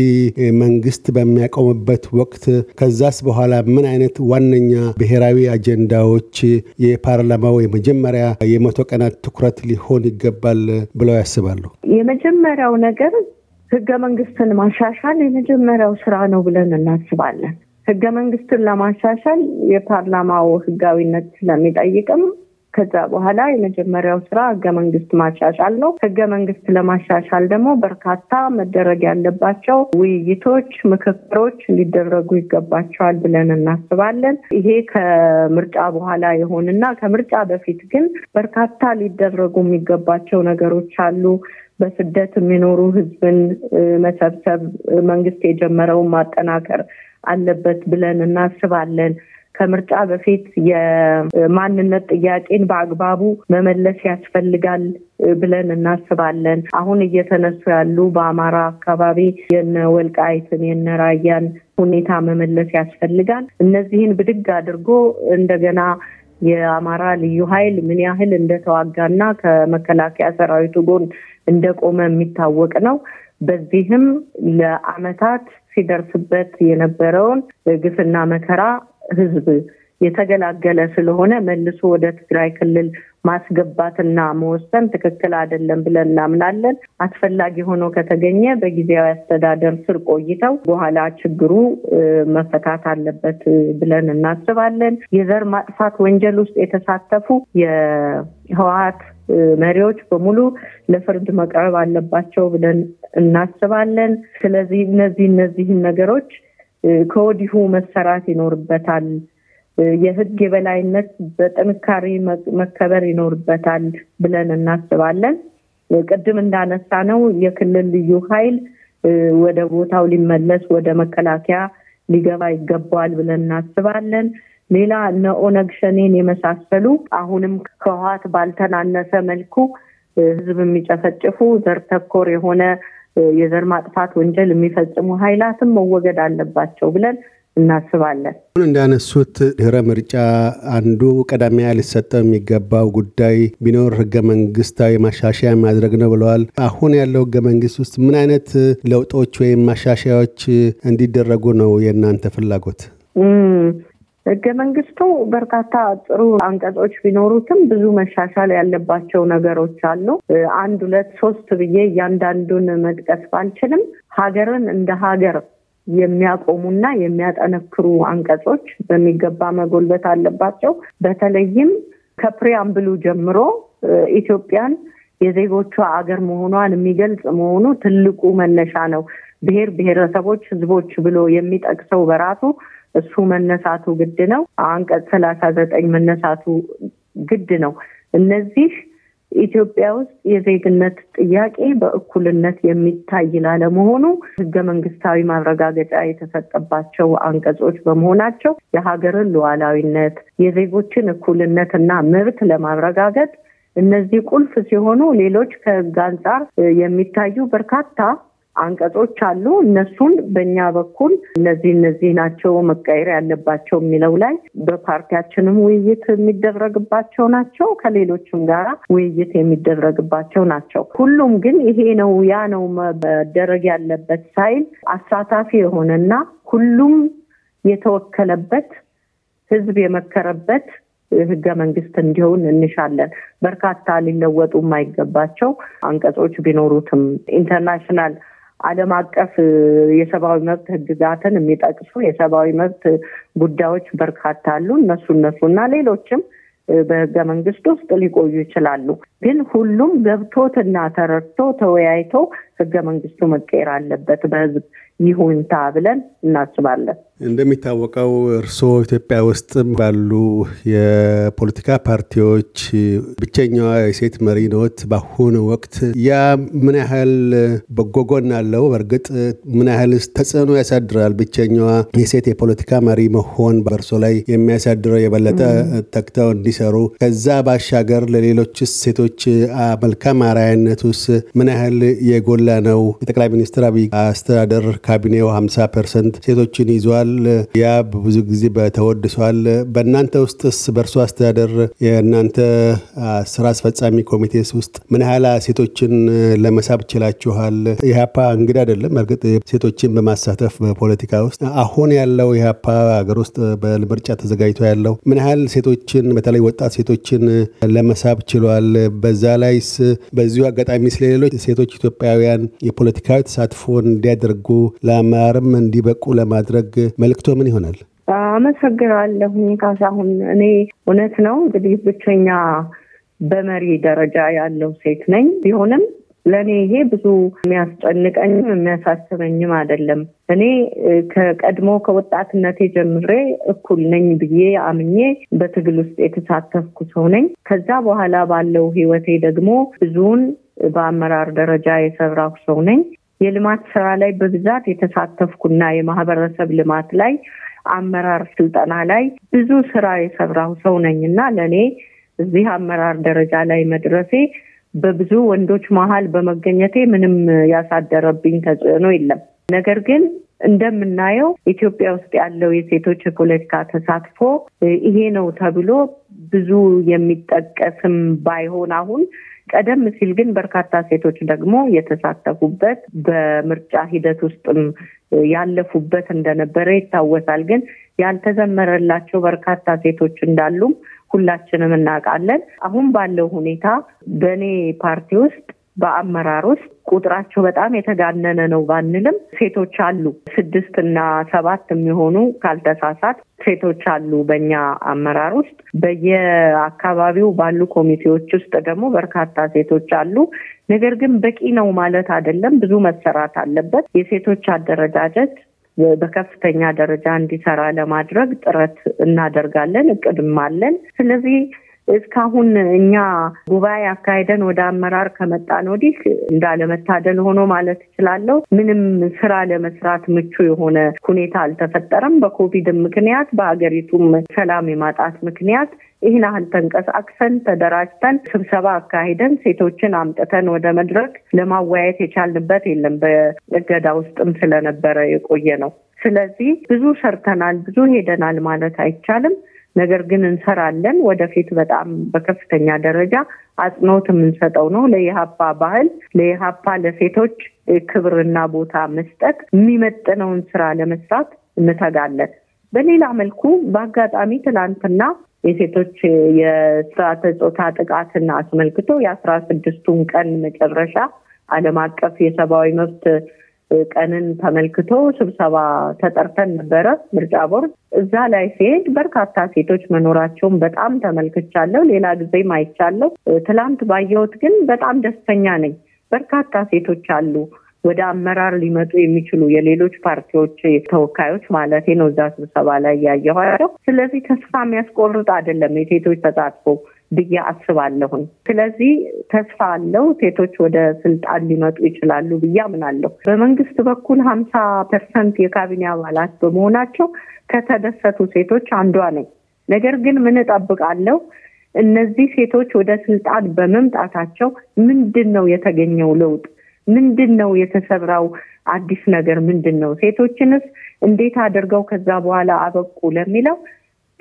መንግስት በሚያቆምበት ወቅት ከዛስ በኋላ ምን አይነት ዋነኛ ብሔራዊ አጀንዳዎች የፓርላማው የመጀመሪያ የመቶ ቀናት ትኩረት ሊሆን ይገባል ይገባል ብለው ያስባሉ? የመጀመሪያው ነገር ህገ መንግስትን ማሻሻል የመጀመሪያው ስራ ነው ብለን እናስባለን። ህገ መንግስትን ለማሻሻል የፓርላማው ህጋዊነት ስለሚጠይቅም ከዛ በኋላ የመጀመሪያው ስራ ህገ መንግስት ማሻሻል ነው። ህገ መንግስት ለማሻሻል ደግሞ በርካታ መደረግ ያለባቸው ውይይቶች፣ ምክክሮች ሊደረጉ ይገባቸዋል ብለን እናስባለን። ይሄ ከምርጫ በኋላ የሆንና ከምርጫ በፊት ግን በርካታ ሊደረጉ የሚገባቸው ነገሮች አሉ። በስደት የሚኖሩ ህዝብን መሰብሰብ መንግስት የጀመረውን ማጠናከር አለበት ብለን እናስባለን። ከምርጫ በፊት የማንነት ጥያቄን በአግባቡ መመለስ ያስፈልጋል ብለን እናስባለን። አሁን እየተነሱ ያሉ በአማራ አካባቢ የነ ወልቃይትን የነ ራያን ሁኔታ መመለስ ያስፈልጋል። እነዚህን ብድግ አድርጎ እንደገና የአማራ ልዩ ኃይል ምን ያህል እንደተዋጋና ከመከላከያ ሰራዊቱ ጎን እንደቆመ የሚታወቅ ነው። በዚህም ለአመታት ሲደርስበት የነበረውን ግፍና መከራ ህዝብ የተገላገለ ስለሆነ መልሶ ወደ ትግራይ ክልል ማስገባትና መወሰን ትክክል አይደለም ብለን እናምናለን። አስፈላጊ ሆኖ ከተገኘ በጊዜያዊ አስተዳደር ስር ቆይተው በኋላ ችግሩ መፈታት አለበት ብለን እናስባለን። የዘር ማጥፋት ወንጀል ውስጥ የተሳተፉ የህወሀት መሪዎች በሙሉ ለፍርድ መቅረብ አለባቸው ብለን እናስባለን። ስለዚህ እነዚህ እነዚህን ነገሮች ከወዲሁ መሰራት ይኖርበታል። የህግ የበላይነት በጥንካሬ መከበር ይኖርበታል ብለን እናስባለን። ቅድም እንዳነሳ ነው የክልል ልዩ ኃይል ወደ ቦታው ሊመለስ ወደ መከላከያ ሊገባ ይገባዋል ብለን እናስባለን። ሌላ እነ ኦነግ ሸኔን የመሳሰሉ አሁንም ከህወሓት ባልተናነሰ መልኩ ህዝብ የሚጨፈጭፉ ዘር ተኮር የሆነ የዘር ማጥፋት ወንጀል የሚፈጽሙ ኃይላትም መወገድ አለባቸው ብለን እናስባለን። እንዳነሱት ድህረ ምርጫ አንዱ ቀዳሚያ ሊሰጠው የሚገባው ጉዳይ ቢኖር ህገ መንግስታዊ ማሻሻያ ማድረግ ነው ብለዋል። አሁን ያለው ህገ መንግስት ውስጥ ምን አይነት ለውጦች ወይም ማሻሻያዎች እንዲደረጉ ነው የእናንተ ፍላጎት? ህገ መንግስቱ በርካታ ጥሩ አንቀጾች ቢኖሩትም ብዙ መሻሻል ያለባቸው ነገሮች አሉ። አንድ ሁለት ሶስት ብዬ እያንዳንዱን መጥቀስ ባልችልም ሀገርን እንደ ሀገር የሚያቆሙና የሚያጠነክሩ አንቀጾች በሚገባ መጎልበት አለባቸው። በተለይም ከፕሪያምብሉ ጀምሮ ኢትዮጵያን የዜጎቿ አገር መሆኗን የሚገልጽ መሆኑ ትልቁ መነሻ ነው። ብሔር ብሔረሰቦች፣ ህዝቦች ብሎ የሚጠቅሰው በራሱ እሱ መነሳቱ ግድ ነው። አንቀጽ ሰላሳ ዘጠኝ መነሳቱ ግድ ነው። እነዚህ ኢትዮጵያ ውስጥ የዜግነት ጥያቄ በእኩልነት የሚታይ ላለመሆኑ ህገ መንግስታዊ ማረጋገጫ የተሰጠባቸው አንቀጾች በመሆናቸው የሀገርን ሉዓላዊነት፣ የዜጎችን እኩልነትና መብት ለማረጋገጥ እነዚህ ቁልፍ ሲሆኑ ሌሎች ከህግ አንጻር የሚታዩ በርካታ አንቀጾች አሉ። እነሱን በእኛ በኩል እነዚህ እነዚህ ናቸው መቀየር ያለባቸው የሚለው ላይ በፓርቲያችንም ውይይት የሚደረግባቸው ናቸው። ከሌሎችም ጋር ውይይት የሚደረግባቸው ናቸው። ሁሉም ግን ይሄ ነው ያ ነው መደረግ ያለበት ሳይል አሳታፊ የሆነና ሁሉም የተወከለበት ህዝብ የመከረበት ህገ መንግስት እንዲሆን እንሻለን። በርካታ ሊለወጡ የማይገባቸው አንቀጾች ቢኖሩትም ኢንተርናሽናል ዓለም አቀፍ የሰብአዊ መብት ህግጋትን የሚጠቅሱ የሰብአዊ መብት ጉዳዮች በርካታ አሉ። እነሱ እነሱ እና ሌሎችም በህገ መንግስት ውስጥ ሊቆዩ ይችላሉ። ግን ሁሉም ገብቶትና ተረድቶ ተወያይቶ ህገ መንግስቱ መቀየር አለበት በህዝብ ይሁንታ ብለን እናስባለን። እንደሚታወቀው እርስዎ ኢትዮጵያ ውስጥ ባሉ የፖለቲካ ፓርቲዎች ብቸኛዋ የሴት መሪ ኖት። በአሁኑ ወቅት ያ ምን ያህል በጎ ጎን አለው? በእርግጥ ምን ያህል ተጽዕኖ ያሳድራል? ብቸኛዋ የሴት የፖለቲካ መሪ መሆን በእርሶ ላይ የሚያሳድረው የበለጠ ተግተው እንዲሰሩ ከዛ ባሻገር ለሌሎች ሴቶች ሌሎች መልካም አርአያነት ምን ያህል የጎላ ነው? የጠቅላይ ሚኒስትር አብይ አስተዳደር ካቢኔው 50 ፐርሰንት ሴቶችን ይዟል። ያ ብዙ ጊዜ በተወድሷል። በእናንተ ውስጥስ በእርሶ አስተዳደር የእናንተ ስራ አስፈጻሚ ኮሚቴስ ውስጥ ምን ያህል ሴቶችን ለመሳብ ችላችኋል? ኢህአፓ እንግዲህ አይደለም። እርግጥ ሴቶችን በማሳተፍ በፖለቲካ ውስጥ አሁን ያለው ኢህአፓ ሀገር ውስጥ በምርጫ ተዘጋጅቶ ያለው ምን ያህል ሴቶችን በተለይ ወጣት ሴቶችን ለመሳብ ችሏል? በዛ ላይስ በዚሁ አጋጣሚ ስለሌሎች ሴቶች ኢትዮጵያውያን የፖለቲካዊ ተሳትፎ እንዲያደርጉ ለአመራርም እንዲበቁ ለማድረግ መልክቶ ምን ይሆናል? አመሰግናለሁ ካሳሁን። እኔ እውነት ነው እንግዲህ ብቸኛ በመሪ ደረጃ ያለው ሴት ነኝ። ቢሆንም ለእኔ ይሄ ብዙ የሚያስጨንቀኝም የሚያሳስበኝም አይደለም። እኔ ከቀድሞ ከወጣትነቴ ጀምሬ እኩል ነኝ ብዬ አምኜ በትግል ውስጥ የተሳተፍኩ ሰው ነኝ። ከዛ በኋላ ባለው ህይወቴ ደግሞ ብዙውን በአመራር ደረጃ የሰራሁ ሰው ነኝ። የልማት ስራ ላይ በብዛት የተሳተፍኩና የማህበረሰብ ልማት ላይ አመራር ስልጠና ላይ ብዙ ስራ የሰራሁ ሰው ነኝ እና ለእኔ እዚህ አመራር ደረጃ ላይ መድረሴ በብዙ ወንዶች መሀል በመገኘቴ ምንም ያሳደረብኝ ተጽዕኖ የለም። ነገር ግን እንደምናየው ኢትዮጵያ ውስጥ ያለው የሴቶች የፖለቲካ ተሳትፎ ይሄ ነው ተብሎ ብዙ የሚጠቀስም ባይሆን አሁን ቀደም ሲል ግን በርካታ ሴቶች ደግሞ የተሳተፉበት በምርጫ ሂደት ውስጥም ያለፉበት እንደነበረ ይታወሳል። ግን ያልተዘመረላቸው በርካታ ሴቶች እንዳሉም ሁላችንም እናውቃለን። አሁን ባለው ሁኔታ በእኔ ፓርቲ ውስጥ በአመራር ውስጥ ቁጥራቸው በጣም የተጋነነ ነው ባንልም ሴቶች አሉ። ስድስት እና ሰባት የሚሆኑ ካልተሳሳት ሴቶች አሉ በእኛ አመራር ውስጥ። በየአካባቢው ባሉ ኮሚቴዎች ውስጥ ደግሞ በርካታ ሴቶች አሉ። ነገር ግን በቂ ነው ማለት አይደለም። ብዙ መሰራት አለበት። የሴቶች አደረጃጀት በከፍተኛ ደረጃ እንዲሰራ ለማድረግ ጥረት እናደርጋለን። እቅድም አለን። ስለዚህ እስካሁን እኛ ጉባኤ አካሄደን ወደ አመራር ከመጣን ወዲህ እንዳለመታደል ሆኖ ማለት እችላለሁ ምንም ስራ ለመስራት ምቹ የሆነ ሁኔታ አልተፈጠረም። በኮቪድ ምክንያት በሀገሪቱም ሰላም የማጣት ምክንያት ይህን ያህል ተንቀሳቅሰን ተደራጅተን ስብሰባ አካሂደን ሴቶችን አምጥተን ወደ መድረክ ለማወያየት የቻልንበት የለም። በእገዳ ውስጥም ስለነበረ የቆየ ነው። ስለዚህ ብዙ ሰርተናል፣ ብዙ ሄደናል ማለት አይቻልም። ነገር ግን እንሰራለን። ወደፊት በጣም በከፍተኛ ደረጃ አጽንኦት የምንሰጠው ነው። ለኢህአፓ ባህል፣ ለኢህአፓ ለሴቶች ክብርና ቦታ መስጠት የሚመጥነውን ስራ ለመስራት እንተጋለን። በሌላ መልኩ በአጋጣሚ ትናንትና የሴቶች የስርዓተ ፆታ ጥቃትን አስመልክቶ የአስራ ስድስቱን ቀን መጨረሻ ዓለም አቀፍ የሰብአዊ መብት ቀንን ተመልክቶ ስብሰባ ተጠርተን ነበረ። ምርጫ ቦርድ እዛ ላይ ሲሄድ በርካታ ሴቶች መኖራቸውን በጣም ተመልክቻለሁ። ሌላ ጊዜም አይቻለሁ። ትላንት ባየሁት ግን በጣም ደስተኛ ነኝ። በርካታ ሴቶች አሉ። ወደ አመራር ሊመጡ የሚችሉ የሌሎች ፓርቲዎች ተወካዮች ማለት ነው እዛ ስብሰባ ላይ ያየኋቸው። ስለዚህ ተስፋ የሚያስቆርጥ አይደለም የሴቶች ተሳትፎ ብዬ አስባለሁኝ። ስለዚህ ተስፋ አለው ሴቶች ወደ ስልጣን ሊመጡ ይችላሉ ብዬ አምናለሁ። በመንግስት በኩል ሀምሳ ፐርሰንት የካቢኔ አባላት በመሆናቸው ከተደሰቱ ሴቶች አንዷ ነኝ። ነገር ግን ምን እጠብቃለሁ? እነዚህ ሴቶች ወደ ስልጣን በመምጣታቸው ምንድን ነው የተገኘው ለውጥ ምንድን ነው የተሰራው? አዲስ ነገር ምንድን ነው? ሴቶችንስ እንዴት አድርገው ከዛ በኋላ አበቁ ለሚለው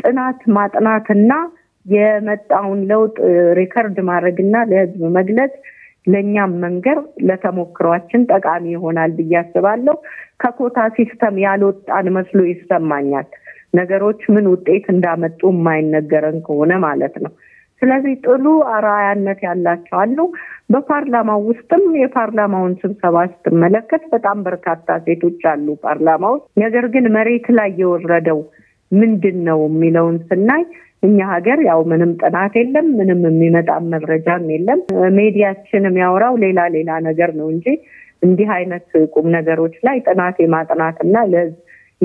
ጥናት ማጥናትና የመጣውን ለውጥ ሪከርድ ማድረግና ለህዝብ መግለጽ ለእኛም መንገር ለተሞክሯችን ጠቃሚ ይሆናል ብዬ አስባለሁ። ከኮታ ሲስተም ያልወጣን መስሎ ይሰማኛል። ነገሮች ምን ውጤት እንዳመጡ የማይነገረን ከሆነ ማለት ነው። ስለዚህ ጥሩ አርአያነት ያላቸው አሉ። በፓርላማው ውስጥም የፓርላማውን ስብሰባ ስትመለከት በጣም በርካታ ሴቶች አሉ ፓርላማ ውስጥ። ነገር ግን መሬት ላይ የወረደው ምንድን ነው የሚለውን ስናይ እኛ ሀገር ያው ምንም ጥናት የለም፣ ምንም የሚመጣ መረጃም የለም። ሜዲያችን የሚያወራው ሌላ ሌላ ነገር ነው እንጂ እንዲህ አይነት ቁም ነገሮች ላይ ጥናት የማጥናትና ለህዝብ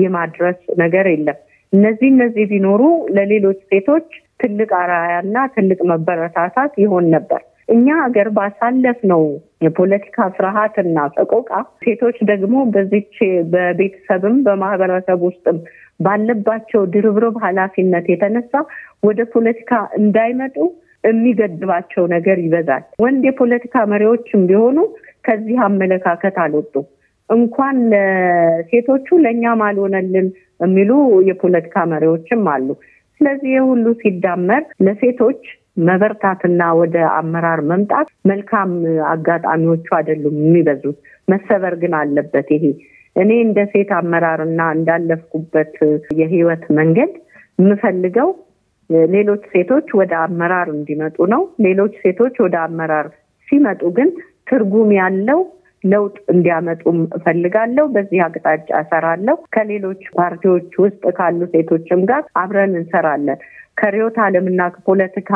የማድረስ ነገር የለም። እነዚህ እነዚህ ቢኖሩ ለሌሎች ሴቶች ትልቅ አርአያና ትልቅ መበረታታት ይሆን ነበር። እኛ ሀገር ባሳለፍ ነው የፖለቲካ ፍርሃትና ሰቆቃ ሴቶች ደግሞ በዚች በቤተሰብም በማህበረሰብ ውስጥም ባለባቸው ድርብርብ ኃላፊነት የተነሳ ወደ ፖለቲካ እንዳይመጡ የሚገድባቸው ነገር ይበዛል። ወንድ የፖለቲካ መሪዎችም ቢሆኑ ከዚህ አመለካከት አልወጡ እንኳን ለሴቶቹ ለእኛም አልሆነልን የሚሉ የፖለቲካ መሪዎችም አሉ። ስለዚህ ይህ ሁሉ ሲዳመር ለሴቶች መበርታትና ወደ አመራር መምጣት መልካም አጋጣሚዎቹ አይደሉም የሚበዙት። መሰበር ግን አለበት። ይሄ እኔ እንደ ሴት አመራርና እንዳለፍኩበት የህይወት መንገድ የምፈልገው ሌሎች ሴቶች ወደ አመራር እንዲመጡ ነው። ሌሎች ሴቶች ወደ አመራር ሲመጡ ግን ትርጉም ያለው ለውጥ እንዲያመጡም እፈልጋለሁ። በዚህ አቅጣጫ እሰራለሁ። ከሌሎች ፓርቲዎች ውስጥ ካሉ ሴቶችም ጋር አብረን እንሰራለን። ከርዕዮተ ዓለምና ከፖለቲካ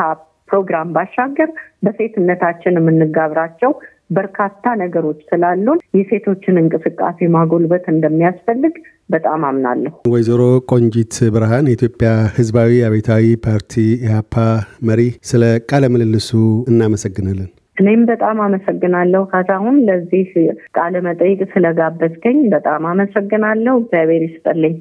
ፕሮግራም ባሻገር በሴትነታችን የምንጋብራቸው በርካታ ነገሮች ስላሉን የሴቶችን እንቅስቃሴ ማጎልበት እንደሚያስፈልግ በጣም አምናለሁ። ወይዘሮ ቆንጂት ብርሃን የኢትዮጵያ ሕዝባዊ አብዮታዊ ፓርቲ ኢህአፓ መሪ፣ ስለ ቃለ ምልልሱ እናመሰግናለን። እኔም በጣም አመሰግናለሁ ካሳሁን፣ ለዚህ ቃለ መጠይቅ ስለጋበዝከኝ በጣም አመሰግናለሁ። እግዚአብሔር ይስጠልኝ።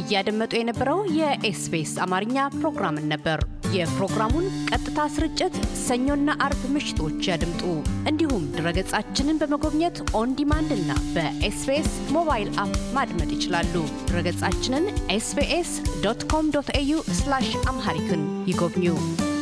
እያደመጡ የነበረው የኤስቢኤስ አማርኛ ፕሮግራምን ነበር። የፕሮግራሙን ቀጥታ ስርጭት ሰኞና አርብ ምሽቶች ያድምጡ። እንዲሁም ድረገጻችንን በመጎብኘት ኦንዲማንድ እና በኤስቢኤስ ሞባይል አፕ ማድመጥ ይችላሉ። ድረገጻችንን ኤስቢኤስ ዶት ኮም ዶት ኤዩ አምሃሪክን ይጎብኙ።